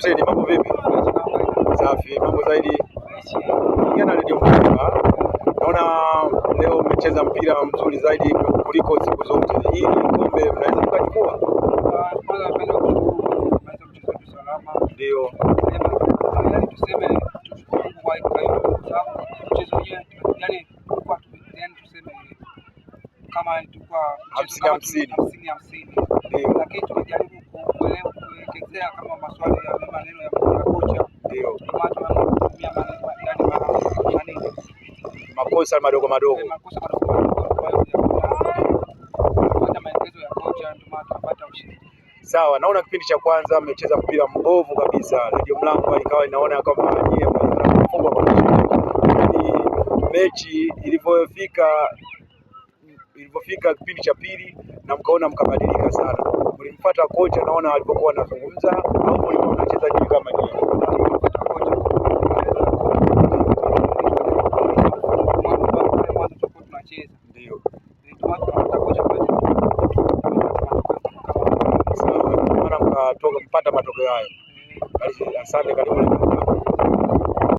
Treni, mambo vipi? Safi, mambo zaidi. Jana Mkubwa, naona leo mmecheza mpira mzuri zaidi kuliko siku zote. Hii kombe mnaweza kuchukua? Ndio. Hamsini hamsini. Ndio kama maswali ya maneno ya kocha, ndio makosa madogo madogo Sawa, naona kipindi cha kwanza mmecheza mpira mbovu kabisa, redio mlango ikawa inaona kwamba nyie mnafungwa kwa, mechi ilivyofika ilivyofika kipindi cha pili na mkaona mkabadilika sana? Mlimfuata kocha, naona alipokuwa anazungumza, au mlikuwa mnacheza juu kama nini? mpata matokeo hayo. Asante, karibu.